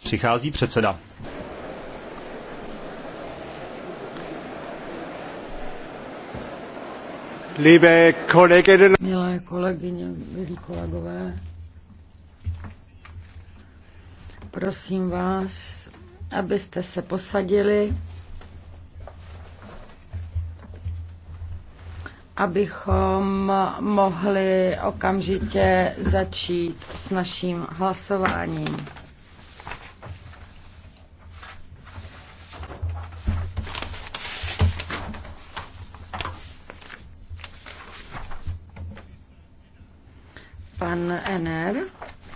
Přichází předseda. Liebe Kolleginnen. Milé kolegyně, milí kolegové, prosím vás, abyste se posadili. abychom mohli okamžitě začít s naším hlasováním. Pan Ener.